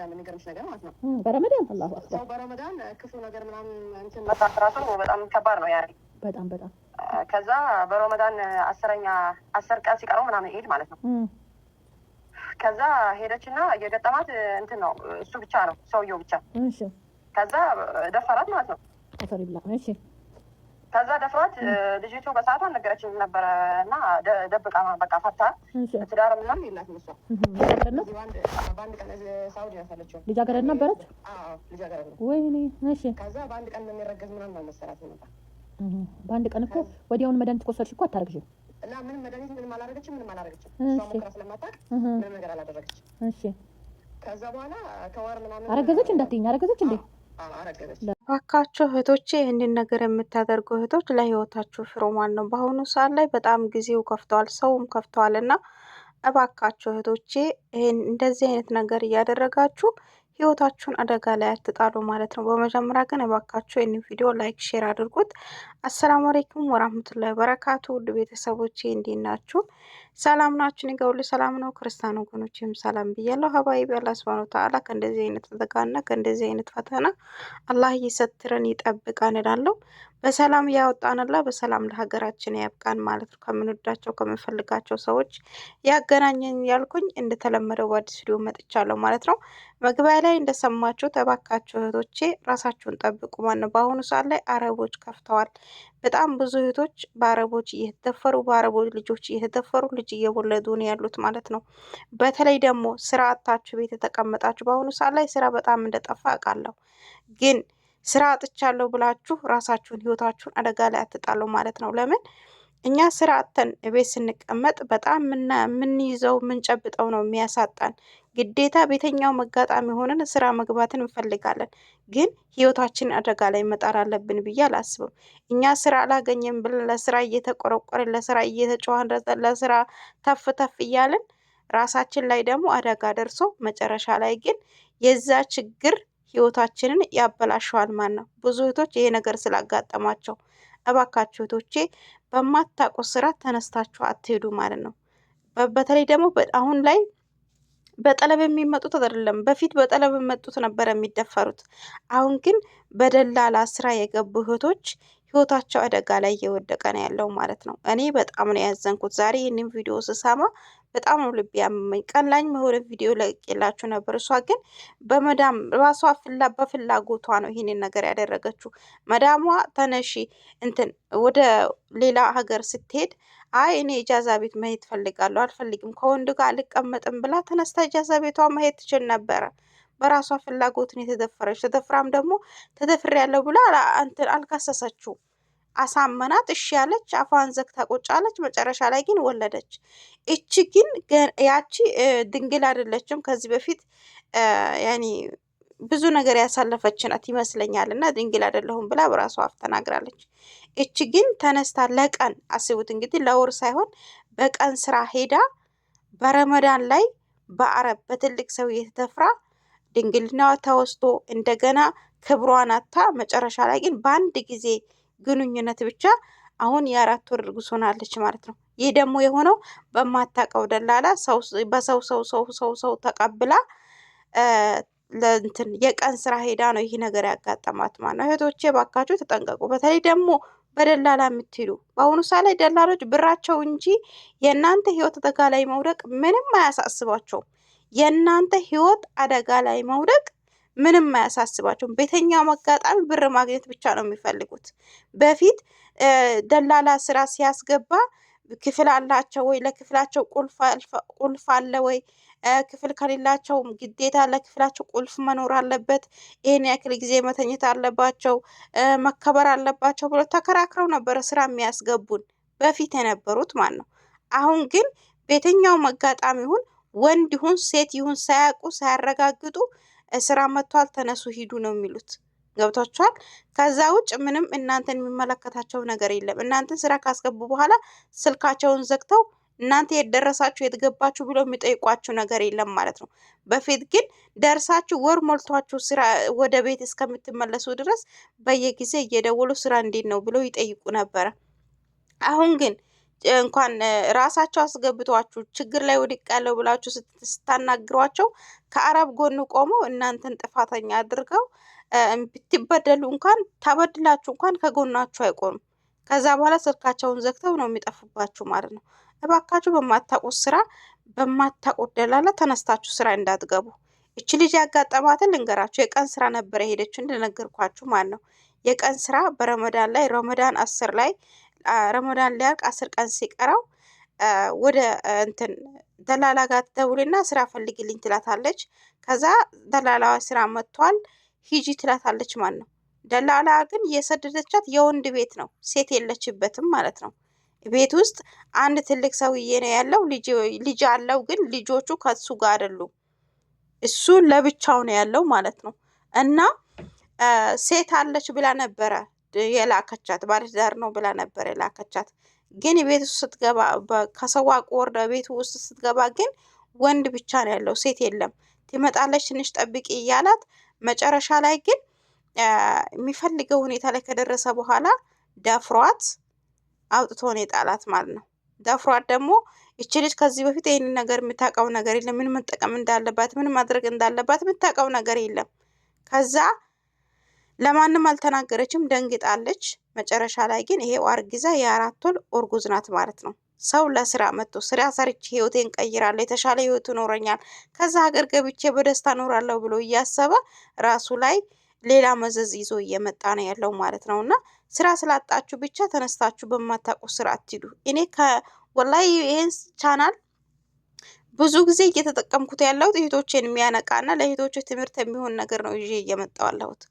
በረመዳን የሚገርምሽ ነገር ማለት ነው። በረመዳን አላሁ አክበር በረመዳን ክፉ ነገር ምናምን እንትን ራሱ በጣም ከባድ ነው። ያ በጣም በጣም ከዛ በረመዳን አስረኛ አስር ቀን ሲቀረው ምናምን ኢድ ማለት ነው። ከዛ ሄደችና የገጠማት እንትን ነው እሱ ብቻ ነው ሰውየው ብቻ። ከዛ ደፈራት ማለት ነው። ከዛ ደፍሯት ልጅቱ በሰዓቱ አልነገረችም ነበረ እና ደብቃ በቃ ፈታ ትዳር ምናምን የላት እሷ። በአንድ ቀን ሳውዲ ያሳለችው ልጃገረድ ነበረች። ልጃገረድ ወይኔ። እሺ ከዛ በአንድ ቀን የሚረገዝ ምናምን አልመሰራት ነበር። በአንድ ቀን እኮ ወዲያውን መድኃኒት ከወሰድሽ እኮ አታረግዥም። እና ምንም መድኃኒት ምንም አላረገችም፣ ምንም አላረገችም። እሷ ሞክራ ስለማታውቅ ምንም ነገር አላደረገችም። እሺ ከዛ በኋላ ከወር ምናምን አረገዘች። እንዳትይኝ አረገዘች እንዴ? አረገዘች ባካችሁ እህቶቼ ይህንን ነገር የምታደርጉ እህቶች ለህይወታችሁ ፍሩ ማለት ነው። በአሁኑ ሰዓት ላይ በጣም ጊዜው ከፍተዋል፣ ሰውም ከፍተዋል እና እባካችሁ እህቶቼ ይህን እንደዚህ አይነት ነገር እያደረጋችሁ ህይወታችሁን አደጋ ላይ አትጣሉ ማለት ነው። በመጀመሪያ ግን እባካችሁ ይህን ቪዲዮ ላይክ፣ ሼር አድርጉት። አሰላሙ አሌይኩም ወራህመቱላሂ ወበረካቱ ውድ ቤተሰቦቼ እንዴት ናችሁ? ሰላም ናችሁን? ይገውል ሰላም ነው። ክርስቲያን ወገኖችም ሰላም ብያለሁ። ሀባይ ቢያላ ስባኑ ተዓላ ከእንደዚህ አይነት ተዘጋና ከእንደዚህ አይነት ፈተና አላህ እየሰትረን ይጠብቃን እላለሁ። በሰላም ያወጣንላ በሰላም ለሀገራችን ያብቃን ማለት ነው። ከምንወዳቸው ከምንፈልጋቸው ሰዎች ያገናኘን ያልኩኝ እንደተለመደው በአዲስ ቪዲዮ መጥቻለሁ ማለት ነው። መግቢያ ላይ እንደሰማችሁ ተባካችሁ እህቶቼ ራሳችሁን ጠብቁ። ማን ነው በአሁኑ ሰዓት ላይ አረቦች ከፍተዋል። በጣም ብዙ እህቶች በአረቦች እየተደፈሩ በአረቦች ልጆች እየተደፈሩ ልጅ እየወለዱ ነው ያሉት ማለት ነው። በተለይ ደግሞ ስራ አጥታችሁ ቤት የተቀመጣችሁ በአሁኑ ሰዓት ላይ ስራ በጣም እንደጠፋ አውቃለሁ። ግን ስራ አጥቻለሁ ብላችሁ ራሳችሁን ህይወታችሁን አደጋ ላይ አትጣሉ ማለት ነው። ለምን እኛ ስራ አጥተን እቤት ስንቀመጥ በጣም የምንይዘው የምንጨብጠው ነው የሚያሳጣን። ግዴታ ቤተኛው መጋጣሚ ሆነን ስራ መግባትን እንፈልጋለን፣ ግን ህይወታችንን አደጋ ላይ መጣር አለብን ብዬ አላስብም። እኛ ስራ አላገኘም ብለን ለስራ እየተቆረቆርን፣ ለስራ እየተጨዋን፣ ለስራ ተፍ ተፍ እያልን ራሳችን ላይ ደግሞ አደጋ ደርሶ መጨረሻ ላይ ግን የዛ ችግር ህይወታችንን ያበላሸዋል ማለት ነው። ብዙ እህቶች ይሄ ነገር ስላጋጠማቸው እባካችሁ እህቶቼ በማታቁ ስራ ተነስታችሁ አትሄዱ ማለት ነው። በተለይ ደግሞ አሁን ላይ በጠለብ የሚመጡት አይደለም። በፊት በጠለብ መጡት ነበር የሚደፈሩት። አሁን ግን በደላላ ስራ የገቡ እህቶች ህይወታቸው አደጋ ላይ እየወደቀ ነው ያለው ማለት ነው። እኔ በጣም ነው ያዘንኩት ዛሬ ይህንን ቪዲዮ ስሰማ በጣም ነው ልብ ያመመኝ። ቀን ላይ የሆነ ቪዲዮ ለቅቄላችሁ ነበር። እሷ ግን በመዳም ራሷ በፍላጎቷ ነው ይህንን ነገር ያደረገችው። መዳሟ ተነሺ እንትን ወደ ሌላ ሀገር ስትሄድ አይ እኔ ኢጃዛ ቤት መሄድ ፈልጋለሁ፣ አልፈልግም፣ ከወንድ ጋር አልቀመጥም ብላ ተነስታ ኢጃዛ ቤቷ መሄድ ትችል ነበረ። በራሷ ፍላጎትን የተደፈረች ተደፍራም ደግሞ ተደፍሬያለሁ ብላ አንትን አልከሰሰችው። አሳመናት። እሺ ያለች አፏን ዘግታ ቆጫለች መጨረሻ ላይ ግን ወለደች። እቺ ግን ያቺ ድንግል አይደለችም። ከዚህ በፊት ያኔ ብዙ ነገር ያሳለፈች ናት ይመስለኛል። እና ድንግል አይደለሁም ብላ በራሷ አፍ ተናግራለች። እቺ ግን ተነስታ ለቀን አስቡት እንግዲህ ለወር ሳይሆን በቀን ስራ ሄዳ በረመዳን ላይ በአረብ በትልቅ ሰው የተተፍራ ድንግልናዋ ተወስቶ እንደገና ክብሯን አታ መጨረሻ ላይ ግን በአንድ ጊዜ ግንኙነት ብቻ አሁን የአራት ወር እርጉዝ ሆናለች ማለት ነው። ይህ ደግሞ የሆነው በማታውቀው ደላላ በሰው ሰው ሰው ሰው ሰው ተቀብላ ለእንትን የቀን ስራ ሄዳ ነው ይህ ነገር ያጋጠማት ማለት ነው። እህቶቼ ባካችሁ ተጠንቀቁ። በተለይ ደግሞ በደላላ የምትሄዱ በአሁኑ ሰዓት ላይ ደላሎች ብራቸው እንጂ የእናንተ ህይወት አደጋ ላይ መውደቅ ምንም አያሳስባቸውም። የእናንተ ህይወት አደጋ ላይ መውደቅ ምንም አያሳስባቸውም። በየትኛውም አጋጣሚ ብር ማግኘት ብቻ ነው የሚፈልጉት። በፊት ደላላ ስራ ሲያስገባ ክፍል አላቸው ወይ፣ ለክፍላቸው ቁልፍ አለ ወይ፣ ክፍል ከሌላቸው ግዴታ ለክፍላቸው ቁልፍ መኖር አለበት፣ ይህን ያክል ጊዜ መተኘት አለባቸው፣ መከበር አለባቸው ብሎ ተከራክረው ነበረ ስራ የሚያስገቡን በፊት የነበሩት ማለት ነው። አሁን ግን በየትኛውም አጋጣሚ ይሁን ወንድ ይሁን ሴት ይሁን ሳያውቁ ሳያረጋግጡ ስራ መጥቷል፣ ተነሱ ሂዱ ነው የሚሉት። ገብቷችኋል? ከዛ ውጭ ምንም እናንተን የሚመለከታቸው ነገር የለም። እናንተን ስራ ካስገቡ በኋላ ስልካቸውን ዘግተው እናንተ የደረሳችሁ የትገባችሁ ብለው የሚጠይቋችሁ ነገር የለም ማለት ነው። በፊት ግን ደርሳችሁ ወር ሞልቷችሁ ስራ ወደ ቤት እስከምትመለሱ ድረስ በየጊዜ እየደወሉ ስራ እንዴት ነው ብለው ይጠይቁ ነበረ። አሁን ግን እንኳን ራሳቸው አስገብቷችሁ ችግር ላይ ወድቄያለሁ ብላችሁ ስታናግሯቸው ከአረብ ጎን ቆመው እናንተን ጥፋተኛ አድርገው ብትበደሉ እንኳን ተበድላችሁ እንኳን ከጎናችሁ አይቆም ከዛ በኋላ ስልካቸውን ዘግተው ነው የሚጠፉባችሁ ማለት ነው። እባካችሁ በማታውቁት ስራ በማታውቁት ደላላ ተነስታችሁ ስራ እንዳትገቡ። እች ልጅ ያጋጠማትን ልንገራችሁ። የቀን ስራ ነበረ ሄደች እንደነገርኳችሁ ማለት ነው። የቀን ስራ በረመዳን ላይ ረመዳን አስር ላይ ረመዳን ሊያልቅ አስር ቀን ሲቀረው ወደ እንትን ደላላ ጋር ትደውልና ስራ ፈልግልኝ ትላታለች። ከዛ ደላላዋ ስራ መጥቷል ሂጂ ትላታለች ማለት ነው። ደላላ ግን የሰደደቻት የወንድ ቤት ነው፣ ሴት የለችበትም ማለት ነው። ቤት ውስጥ አንድ ትልቅ ሰውዬ ነው ያለው፣ ልጅ አለው፣ ግን ልጆቹ ከሱ ጋር አይደሉም። እሱ ለብቻው ነው ያለው ማለት ነው እና ሴት አለች ብላ ነበረ የላከቻት ባለትዳር ነው ብላ ነበር የላከቻት። ግን ቤት ውስጥ ስትገባ ከሰው ቆርዳ ቤት ውስጥ ስትገባ ግን ወንድ ብቻ ነው ያለው፣ ሴት የለም። ትመጣለች ትንሽ ጠብቂ እያላት መጨረሻ ላይ ግን የሚፈልገው ሁኔታ ላይ ከደረሰ በኋላ ደፍሯት አውጥቶ ነው የጣላት ማለት ነው። ደፍሯት ደግሞ ይቺ ልጅ ከዚህ በፊት ይህንን ነገር የምታውቀው ነገር የለም። ምን መጠቀም እንዳለባት ምን ማድረግ እንዳለባት የምታውቀው ነገር የለም። ከዛ ለማንም አልተናገረችም፣ ደንግጣለች። መጨረሻ ላይ ግን ይሄው አርጊዛ የአራት ወር እርጉዝ ናት ማለት ነው። ሰው ለስራ መጥቶ ስራ ሰርቼ ህይወቴን ቀይራለሁ፣ የተሻለ ህይወት ይኖረኛል፣ ከዛ ሀገር ገብቼ በደስታ እኖራለሁ ብሎ እያሰበ ራሱ ላይ ሌላ መዘዝ ይዞ እየመጣ ነው ያለው ማለት ነው። እና ስራ ስላጣችሁ ብቻ ተነስታችሁ በማታውቁ ስራ አትሂዱ። እኔ ከወላሂ ይህን ቻናል ብዙ ጊዜ እየተጠቀምኩት ያለሁት እህቶቼን እና ለእህቶቼ ትምህርት የሚሆን ነገር ነው ይዤ እየመጣሁ ያለሁት።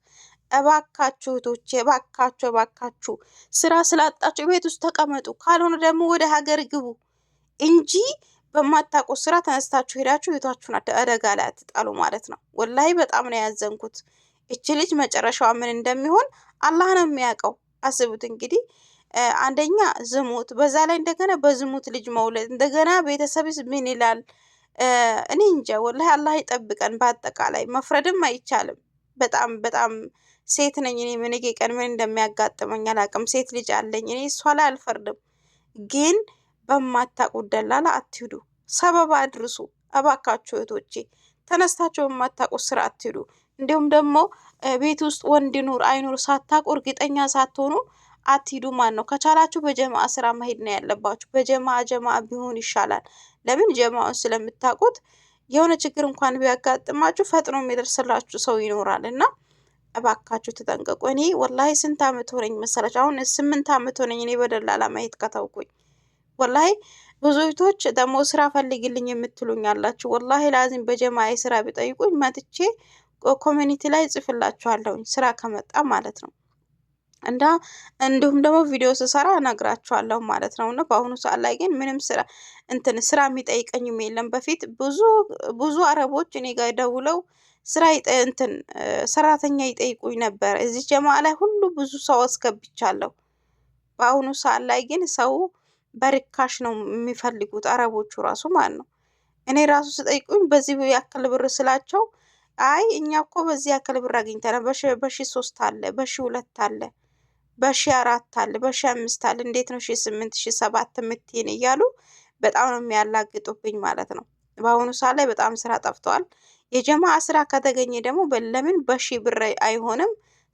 እባካችሁ እህቶቼ እባካችሁ እባካችሁ ስራ ስላጣችሁ ቤት ውስጥ ተቀመጡ፣ ካልሆነ ደግሞ ወደ ሀገር ግቡ እንጂ በማታውቁት ስራ ተነስታችሁ ሄዳችሁ ቤታችሁን አደጋ ላይ አትጣሉ ማለት ነው። ወላሂ በጣም ነው ያዘንኩት። እች ልጅ መጨረሻዋ ምን እንደሚሆን አላህ ነው የሚያውቀው። አስቡት እንግዲህ አንደኛ ዝሙት፣ በዛ ላይ እንደገና በዝሙት ልጅ መውለድ፣ እንደገና ቤተሰብስ ምን ይላል? እኔ እንጃ ወላሂ አላህ ይጠብቀን። በአጠቃላይ መፍረድም አይቻልም። በጣም በጣም ሴት ነኝ እኔ ምንጌ ቀን ምን እንደሚያጋጥመኝ አላቅም። ሴት ልጅ አለኝ እኔ እሷ ላይ አልፈርድም። ግን በማታቁ ደላላ አትሂዱ፣ ሰበብ አድርሱ እባካችሁ እህቶቼ። ተነስታችሁ በማታቁ ስራ አትሂዱ። እንዲሁም ደግሞ ቤት ውስጥ ወንድ ኑር አይኑር ሳታቁ እርግጠኛ ሳትሆኑ አትሂዱ። ማን ነው ከቻላችሁ በጀማ ስራ መሄድ ነው ያለባችሁ። በጀማ ጀማ ቢሆን ይሻላል። ለምን ጀማውን ስለምታውቁት የሆነ ችግር እንኳን ቢያጋጥማችሁ ፈጥኖ የሚደርስላችሁ ሰው ይኖራል እና እባካችሁ ተጠንቀቁ። እኔ ወላሂ ስንት አመት ሆነኝ መሰለች? አሁን ስምንት አመት ሆነኝ እኔ በደላላ ማየት ከተውኩኝ። ወላሂ ብዙ ቤቶች ደግሞ ስራ ፈልግልኝ የምትሉኝ አላችሁ። ወላሂ ላዚም በጀማ ስራ ቢጠይቁኝ መጥቼ ኮሚኒቲ ላይ ጽፍላችኋለሁኝ ስራ ከመጣ ማለት ነው። እንዳ እንዲሁም ደግሞ ቪዲዮ ስሰራ እነግራችኋለሁ ማለት ነው። እና በአሁኑ ሰዓት ላይ ግን ምንም ስራ እንትን ስራ የሚጠይቀኝም የለም። በፊት ብዙ ብዙ አረቦች እኔ ጋር ደውለው ስራ እንትን ሰራተኛ ይጠይቁኝ ነበር። እዚህ ጀማ ላይ ሁሉ ብዙ ሰው አስገብቻለሁ። በአሁኑ ሰዓት ላይ ግን ሰው በርካሽ ነው የሚፈልጉት አረቦቹ ራሱ ማለት ነው። እኔ ራሱ ስጠይቁኝ በዚህ ያክል ብር ስላቸው አይ እኛ እኮ በዚህ ያክል ብር አግኝተናል፣ በሺ ሶስት አለ፣ በሺ ሁለት አለ፣ በሺ አራት አለ፣ በሺ አምስት አለ፣ እንዴት ነው ሺ ስምንት ሺ ሰባት ምትን እያሉ በጣም ነው የሚያላግጡብኝ ማለት ነው። በአሁኑ ሰዓት ላይ በጣም ስራ ጠፍተዋል። የጀማ ስራ ከተገኘ ደግሞ ለምን በሺ ብር አይሆንም?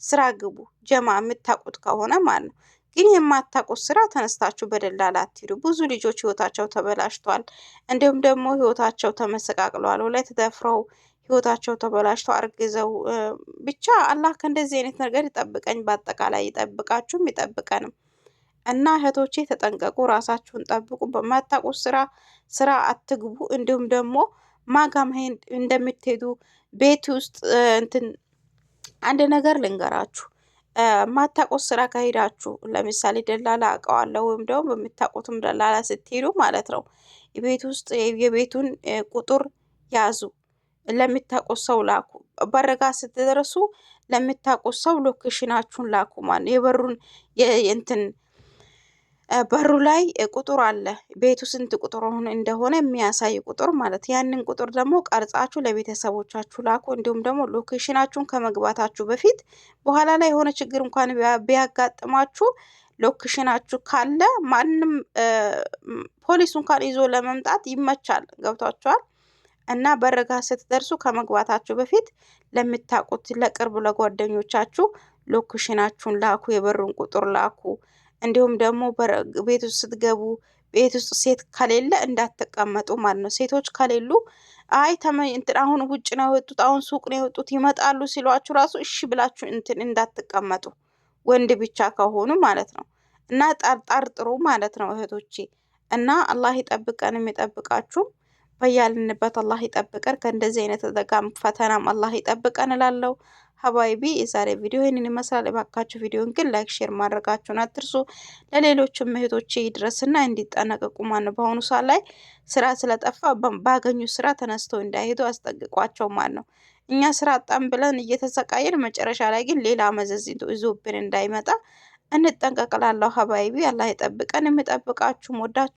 ስራ ግቡ፣ ጀማ የምታውቁት ከሆነ ማለት ነው። ግን የማታውቁት ስራ ተነስታችሁ በደላላ አትሂዱ። ብዙ ልጆች ህይወታቸው ተበላሽቷል፣ እንዲሁም ደግሞ ህይወታቸው ተመሰቃቅሏል። ላይ ተደፍረው ህይወታቸው ተበላሽቶ አርግዘው ብቻ አላህ ከእንደዚህ አይነት ነገር ይጠብቀኝ፣ በአጠቃላይ ይጠብቃችሁም ይጠብቀንም እና እህቶቼ ተጠንቀቁ፣ ራሳችሁን ጠብቁ። በማታውቁት ስራ ስራ አትግቡ። እንዲሁም ደግሞ ማጋም እንደምትሄዱ ቤት ውስጥ እንትን አንድ ነገር ልንገራችሁ። ማታቆት ስራ ከሄዳችሁ ለምሳሌ ደላላ አውቀዋለሁ ወይም ደግሞ በምታቆቱም ደላላ ስትሄዱ ማለት ነው ቤት ውስጥ የቤቱን ቁጥር ያዙ፣ ለምታቆት ሰው ላኩ። በረጋ ስትደርሱ ለምታቆት ሰው ሎኬሽናችሁን ላኩ። ማለት የበሩን እንትን በሩ ላይ ቁጥር አለ። ቤቱ ስንት ቁጥር እንደሆነ የሚያሳይ ቁጥር ማለት ያንን ቁጥር ደግሞ ቀርጻችሁ ለቤተሰቦቻችሁ ላኩ። እንዲሁም ደግሞ ሎኬሽናችሁን ከመግባታችሁ በፊት በኋላ ላይ የሆነ ችግር እንኳን ቢያጋጥማችሁ ሎኬሽናችሁ ካለ ማንም ፖሊስ እንኳን ይዞ ለመምጣት ይመቻል። ገብቷችኋል? እና በረጋ ስትደርሱ ከመግባታችሁ በፊት ለምታውቁት ለቅርብ ለጓደኞቻችሁ ሎኬሽናችሁን ላኩ፣ የበሩን ቁጥር ላኩ። እንዲሁም ደግሞ ቤት ውስጥ ስትገቡ ቤት ውስጥ ሴት ከሌለ እንዳትቀመጡ ማለት ነው። ሴቶች ከሌሉ አይ እንትን አሁን ውጭ ነው የወጡት፣ አሁን ሱቅ ነው የወጡት ይመጣሉ ሲሏችሁ ራሱ እሺ ብላችሁ እንትን እንዳትቀመጡ ወንድ ብቻ ከሆኑ ማለት ነው። እና ጠርጥሩ ማለት ነው እህቶቼ። እና አላህ ይጠብቀን፣ የሚጠብቃችሁም በያልንበት አላህ ይጠብቀን። ከእንደዚህ አይነት ተጠቃም ፈተናም አላህ ይጠብቀን እላለሁ። ሀባይቢ የዛሬ ቪዲዮ ይህንን ይመስላል። እባካችሁ ቪዲዮን ግን ላይክ፣ ሼር ማድረጋችሁን አትርሱ። ለሌሎችም እህቶቼ ይድረስና እንዲጠነቀቁ ማን በአሁኑ ሰዓት ላይ ስራ ስለጠፋ ባገኙ ስራ ተነስተው እንዳይሄዱ አስጠንቅቋቸው ማለት ነው። እኛ ስራ አጣም ብለን እየተሰቃየን መጨረሻ ላይ ግን ሌላ መዘዝ ይዞብን እንዳይመጣ እንጠንቀቅላለሁ። ሀባይቢ አላህ ይጠብቀን። የምጠብቃችሁ ወዳችሁ